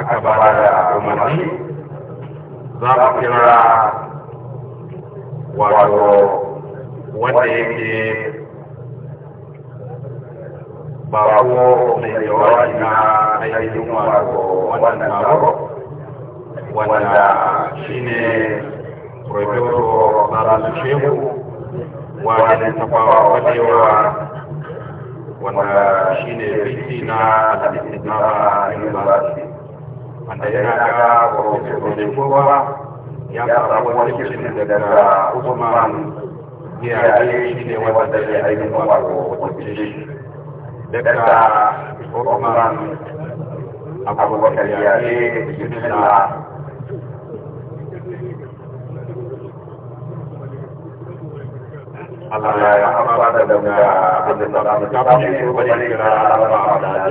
aka ba da umarni za mu kira wato wanda yake bako mai jawabi na ainihin wato wannan taro wanda shi ne profesor sarasu shehu wanda ta fawa wadewa wanda shi ne fiti na al'adun wanda ya ga rahoton kowa ya samu wani kishin daga Usman iyaye shi ne wanda ya ainihin wato wace shi daga Usman abubakar iyaye yunina Allah ya haɓa da daga abin da ta samu ta fashe wani kira da ba da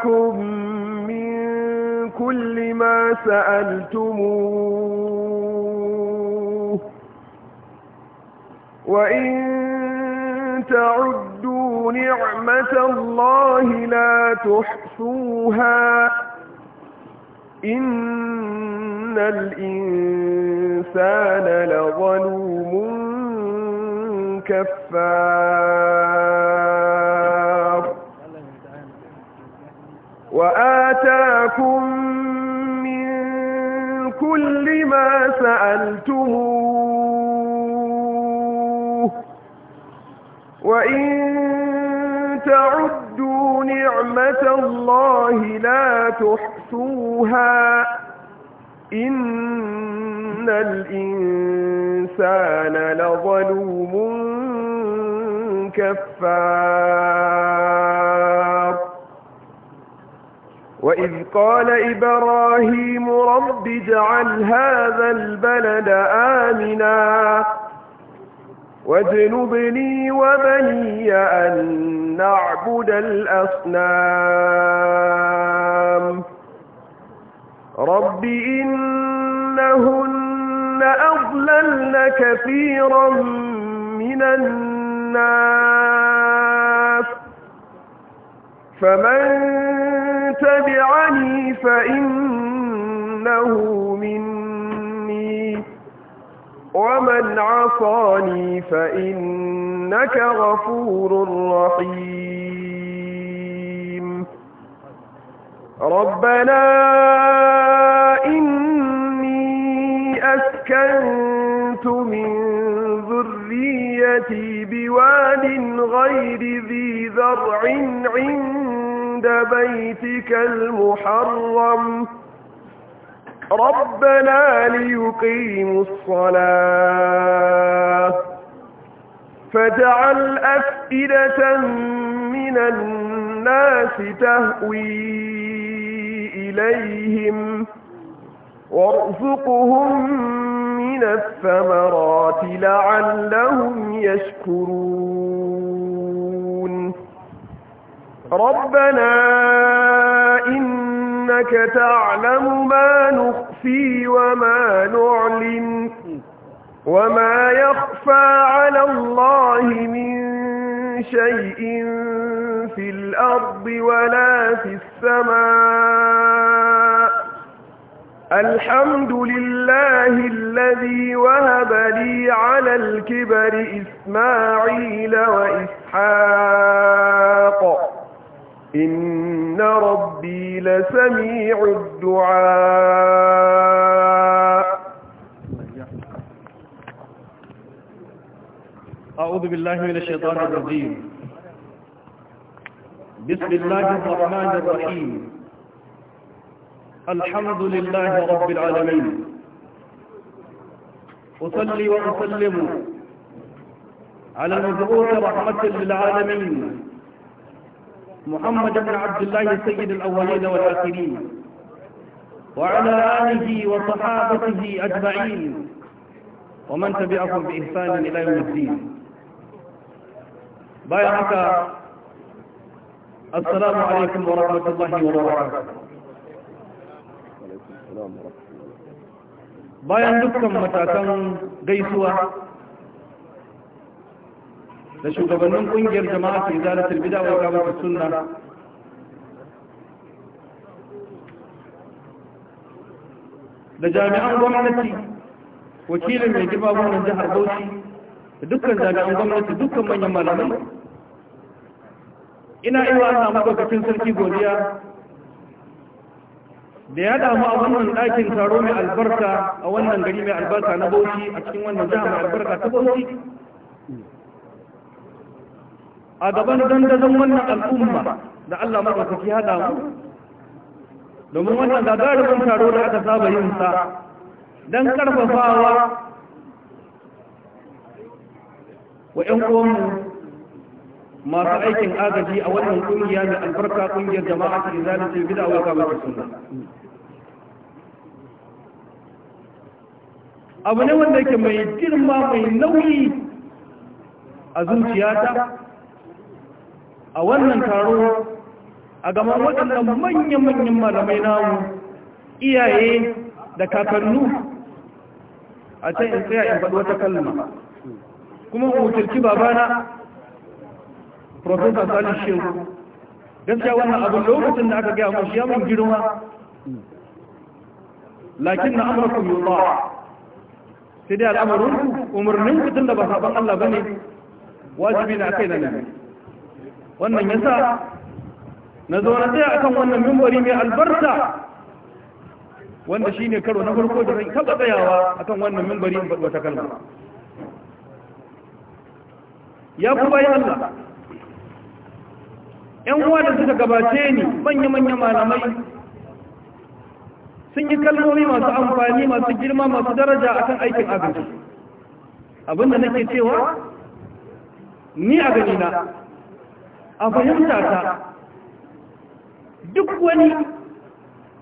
لكم من كل ما سألتموه وإن تعدوا نعمة الله لا تحصوها إن الإنسان لظلوم كفار وآتاكم من كل ما سألتموه وإن تعدوا نعمة الله لا تحصوها إن الإنسان لظلوم كفار وإذ قال إبراهيم رب اجعل هذا البلد آمنا واجنبني وبني أن نعبد الأصنام رب إنهن أضللن كثيرا من الناس فمن تبعني فإنه مني ومن عصاني فإنك غفور رحيم ربنا إني أسكنت من ذريتي بواد غير ذي ذرع عند عند بيتك المحرم ربنا ليقيموا الصلاة فاجعل أفئدة من الناس تهوي إليهم وارزقهم من الثمرات لعلهم يشكرون ربنا إنك تعلم ما نخفي وما نعلن وما يخفى على الله من شيء في الأرض ولا في السماء الحمد لله الذي وهب لي على الكبر إسماعيل وإسحاق إن ربي لسميع الدعاء أعوذ بالله من الشيطان الرجيم بسم الله الرحمن الرحيم الحمد لله رب العالمين أصلي وأسلم على المبعوث رحمة للعالمين محمد بن عبد الله سيد الأولين والآخرين وعلى آله وصحابته أجمعين ومن تبعهم بإحسان إلى يوم الدين بايعك السلام عليكم ورحمة الله وبركاته السلام bayan dukkan matakan gaisuwa da shugabannin kungiyar jama'a ke zara bida wa kamata sunna da jami'an gwamnati wakilin mai jiba wani jihar bauchi da dukkan jami'an gwamnati dukkan manyan malamai ina iya wata mabakacin sarki godiya da ya damu a wannan ɗakin taro mai albarka a wannan gari mai albarka na bauchi a cikin wannan jihar albarka ta bauchi a gaban dandazon wannan al'umma da Allah maɗaukaki haɗa mu domin wannan gagarumin taro da aka saba yin sa don karfafawa wa 'yan uwanmu masu aikin agaji a wannan kungiya mai albarka kungiyar jama'a ta izali ce bida wa kama da abu ne wanda yake mai girma mai nauyi a zuciyata a wannan taro a gaban waɗannan manyan-manyan malamai namu iyaye da kakannu a can in tsaya in faɗi wata kalma kuma wakilci babana profesa salih shehu gaskiya wannan abin lokacin da aka gaya mashi yamin girma lakin na amurka yi ba sai dai al'amarinku umarnin fitin da ba saban allah ba ne wajibi na kai na nan wannan ya sa na zaune na tsaya akan wannan mimbari mai albarka wanda shi ne karo na farko da zai taba tsayawa akan wannan mimbari in faɗi wata kalma ya kuma yi Allah ‘yan uwa da suka gabace ni manya-manya malamai sun yi kalmomi masu amfani masu girma masu daraja akan aikin agaji abinda nake cewa ni a ganina a fahimta ta duk wani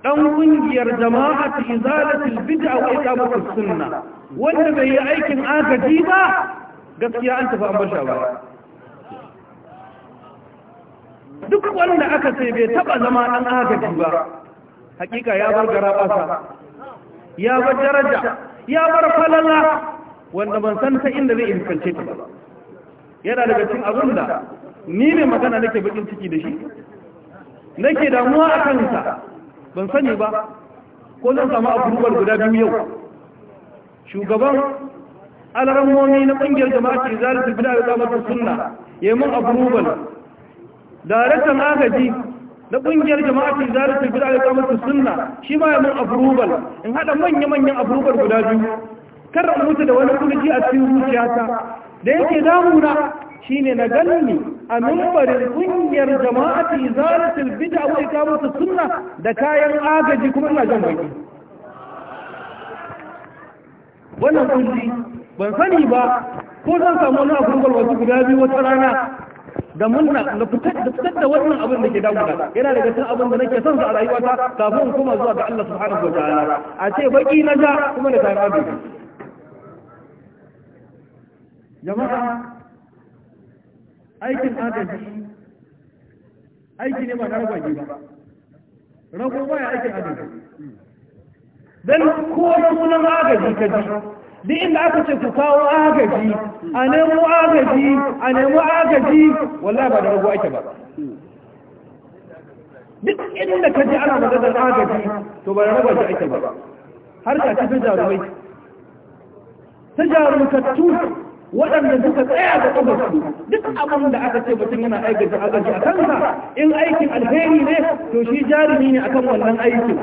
ɗan ƙungiyar jama'a ta izalatul bid'a wa iqamatus sunna wanda bai yi aikin agaji ba gaskiya an tafi an basha ba duk wanda aka sai bai taba zama ɗan agaji ba hakika ya bar garabasa ya bar daraja ya bar falala wanda ban san ta inda zai infance ta ba yana daga cikin abin da ni ne magana nake bakin ciki da shi nake damuwa a kansa ban sani ba ko zan samu abubuwar guda biyu yau shugaban alarammomi na ƙungiyar jama'a ke zara su bida da zamar sunna ya yi mun abubuwar daraktan agaji na ƙungiyar jama'a ke zara su bida da zamar sunna shi ma ya mun abubuwar in haɗa manya-manyan abubuwar guda biyu kar mutu da wani kulki a cikin zuciyata da yake damuna shine na ganni a mimbarin kungiyar jama'ati izalatul bid'a wa ikamatu sunna da kayan agaji kuma ina jan baki wannan kulli ban sani ba ko zan samu wani abun wasu guda biyu wata rana da munna na fitar da fitar da wannan abin da ke da yana daga cikin abin da nake son sa a rayuwata kafin kuma zuwa ga Allah subhanahu wa ta'ala a ce baki na ja kuma da tare abin jama'a aikin agaji aiki ne ba na ragwaje ba rago ba ya aikin agaji dan kowa sunan agaji ka ji duk inda aka ce ku kawo agaji a nemo agaji a nemo agaji wallahi ba da rago ake ba duk inda ka ji ana maganar agaji to ba da rago ake ba har ta fi jarumai ta jarumtattu waɗanda suka tsaya da kabarsu duk abin da aka ce mutum yana aikata agaji a kansa in aikin alheri ne to shi jarumi ne akan wannan aikin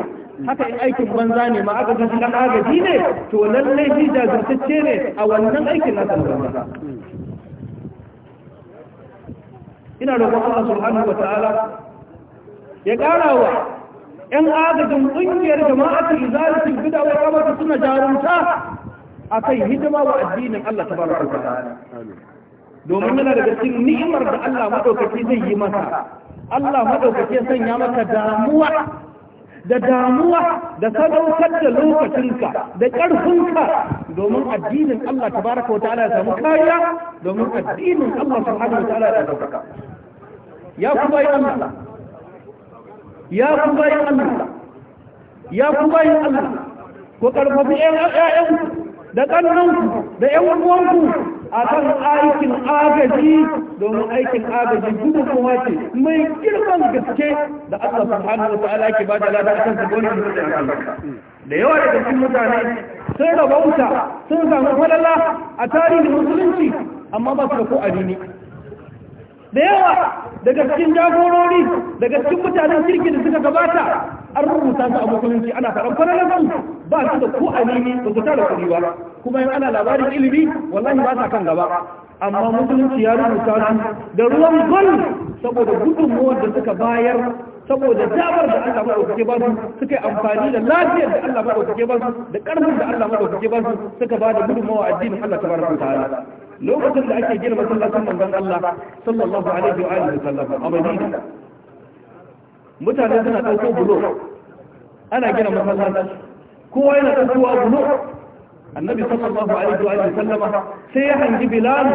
haka in aikin banza ne ma aka gaji ɗan agaji ne to lallai shi jazirtacce ne a wannan aikin nasa banza ina kuma Allah subhanahu wataala ya ƙara wa ƴan agajin ƙungiyar jama'atul izalatul bid'a wa kamata suna jarumta akan hidima wa addinin Allah ta tabaraka ta'ala domin yana daga cikin ni'imar da Allah madaukaki zai yi masa Allah madaukaki sanya maka damuwa da damuwa da sadaukar da lokacinka da ƙarfinka domin addinin Allah tabaraka wa ta'ala ya samu kariya domin addinin Allah subhanahu wa ta'ala ya dauka ya kuma yi Allah ya kuma yi Allah ya kuma yi Allah ko karfafi ƴaƴan da ƙannanku da ‘yan uwanku a kan aikin agaji domin aikin agaji gudu kuma ce mai girman gaske da Allah subhanahu wa ta'ala ke ba da lada a kan su da yawa daga cikin mutane sun rabauta sun samu falala a tarihin musulunci amma ba su da ko adini da yawa daga cikin jagorori daga cikin mutanen kirki da suka gabata an rubuta su a musulunci ana faɗan kwanalan ba su da ko alimi ba su tara kuɗi ba kuma yin ana labarin ilimi wallahi ba sa kan gaba amma musulunci ya rubuta su da ruwan gol saboda gudunmuwar da suka bayar saboda jabar da Allah maɗaukake ba su suka yi amfani da lafiyar da Allah maɗaukake ba su da ƙarfin da Allah maɗaukake ba su suka ba da gudunmawa addinin Allah ta ta hana lokacin da ake gina masallacin manzon Allah sallallahu alaihi wa alihi wa sallam a Madina mutane suna ɗauko bulo ana gina masallaci kowa yana ɗaukowa bulo annabi sallallahu alaihi wa sallama sai ya hangi bilal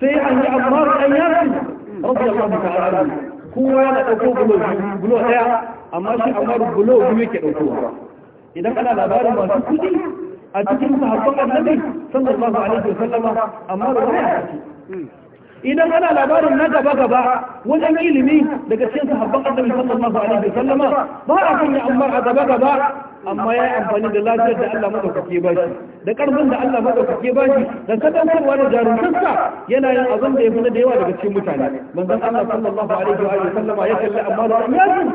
sai ya hangi ammar dan yasin radiyallahu ta'ala anhu kowa yana ɗauko bulo bulo ɗaya amma shi ammar bulo biyu yake ɗaukowa idan ana labarin masu kuɗi a cikin sahabban annabi sallallahu alaihi wa sallama amma baya ciki idan ana labarin na gaba gaba wajen ilimi daga cikin sahabban annabi sallallahu alaihi wasallam ba a sanya amma a gaba gaba amma ya amfani da lafiyar da Allah madaukake ba shi da karfin da Allah madaukake ba shi da kadantarwa da jarumtarsa yana yin abin da ya fi da yawa daga cikin mutane manzon Allah sallallahu alaihi wa sallama ya kalli amma da yasin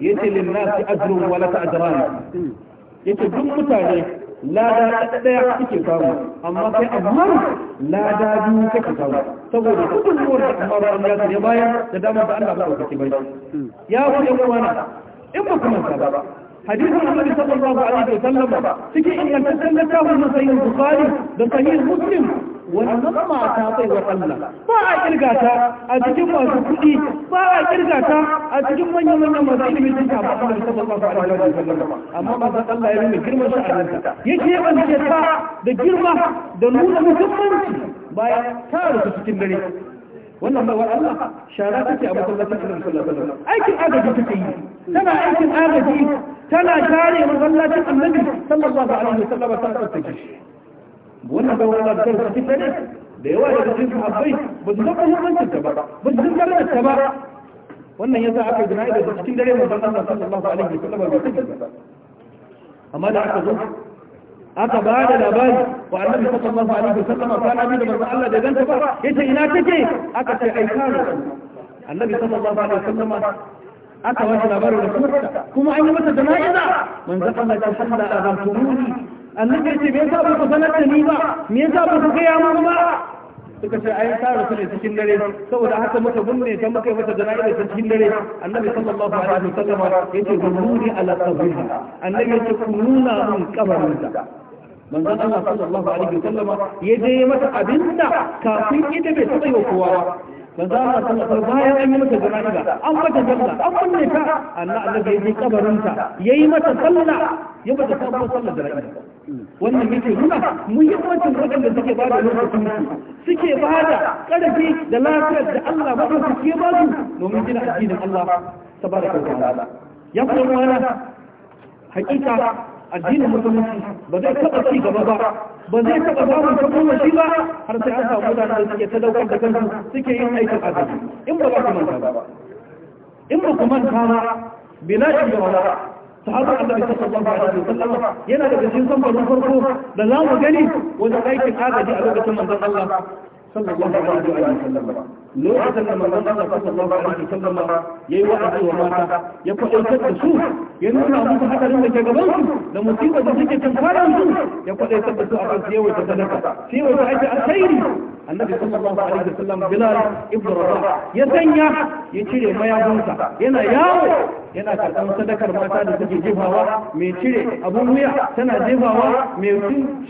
yace lin nasi ajrun wa laka ajran yace duk mutane lada ɗaya daya kake samu amma kai amma lada biyu kake samu saboda gudunmuwar da amma ba Allah ya bayar da damar da Allah ba ka kake bai ya ku yan uwana in ba kuma ba hadisin annabi sallallahu alaihi wa sallam cikin ingantaccen littafin sahih bukhari da sahih muslim wannan mata baiwar Allah ba a kirga ta a cikin masu kuɗi ba a kirga ta a cikin manyan manyan masu ilimin sun ta ba da sallallahu alaihi wa sallam amma maza Allah ya nuna girman sha'aninta yake bance ta da girma da nuna muhimmanci bayan ta rufe cikin dare wannan wani Allah shara take a masallacin Annabi sallallahu alaihi wasallam aikin agaji take yi tana aikin agaji tana kare masallacin Annabi sallallahu alaihi wasallam ta tsare wannan bai wani abu sa fita ne da yawa da cikin sahabbai ba su san muhimmancin ta ba ba su san darajar ta ba wannan yasa aka yi jana'i da cikin dare manzon Allah sallallahu alaihi wa sallam bai sani ba amma da aka zo aka ba da labari wa annabi sallallahu alaihi wa sallam kana bi da manzon Allah da ganta ba yace ina take aka ce ai kana annabi sallallahu alaihi wa sallam aka wace labarin da kuma an yi mata jana'iza manzon Allah ya sallallahu alaihi wa sallam annabi ya ce me yasa ba ku sanar da ni ba me yasa ba ku gaya mun ba suka ce ayin sa rasu ne cikin dare saboda haka muka binne ta muka mata jana'iza ta cikin dare annabi sallallahu alaihi wasallam yace gururi ala qabriha annabi yace ku nuna mun kabarinta manzon Allah sallallahu alaihi wasallam ya je mata abinda kafin ita bai taba yi kowa ba. manzo a sun asar bayan an yi mata jana'iza an mata jalla an binne ta Allah annabi ya je kabarinta yayi mata sallah ya mata sabuwar sallar jana'iza wannan yake nuna muhimmancin waɗanda suke ba da lokacin su suke ba da ƙarfi da lafiyar da Allah ba su ke ba su domin gina addinin Allah tabaraka wa ta'ala ya kuma wani hakika addinin musulunci ba zai taba ci gaba ba ba zai taba samun tabbaci ba har sai an samu mutanen da suke daukar da kansu suke yin aikin azumi in ba za ku manta ba in ba ku manta ba bina shi da wala sahaba annabi ba da sallama yana da cikin sambarin farko da za mu gani wani aikin agaji a lokacin manzon Allah sallallahu alaihi wa lokacin da manzon Allah sallallahu alaihi wa sallam yayi wa'azi wa mata ya kwadaitar da su ya nuna musu hadarin da ke gaban su da musibar da suke tunkaran su ya kwadaitar da su akan su yawaita sadaka sai wata ake alkhairi annabi sallallahu alaihi wasallam bilal ibnu rabah ya sanya ya cire mayagunsa yana yawo yana karɓar sadakar mata da suke jefawa mai cire abun wuya tana jefawa mai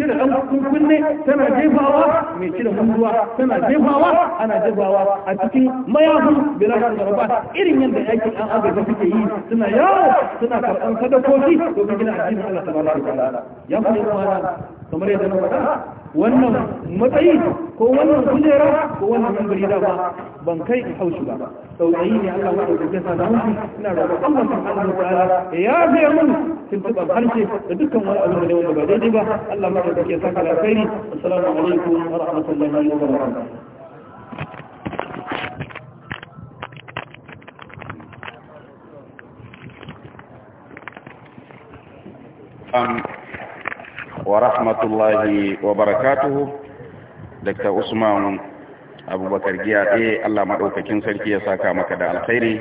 cire ɗan kunne tana jefawa mai cire munduwa tana jefawa ana jefawa a cikin mayagun bilal ibnu rabah irin yadda yakin an agaza suke yi suna yawo suna karɓar sadakoki domin gina addinin Allah subhanahu wa ta'ala ya fi kamar yadda na faɗa wannan matsayi ko wannan kujera ko wannan mambari da ba ban kai haushi ba saurayi ne Allah wa ɗauke sa da haushi ina roƙon Allah subhanahu wa ta'ala ya zai mun tuntuɓar harshe da dukkan wani abu da wanda ba daidai ba Allah ma ɗauke sa ka alkhairi assalamu alaikum wa rahmatullahi wa barakatuh Um, wa rahmatullahi wa barakatuhu Dr. Usman Abubakar Giyaɗe eh, Allah maɗaukakin sarki ya saka maka da alkhairi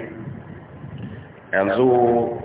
yanzu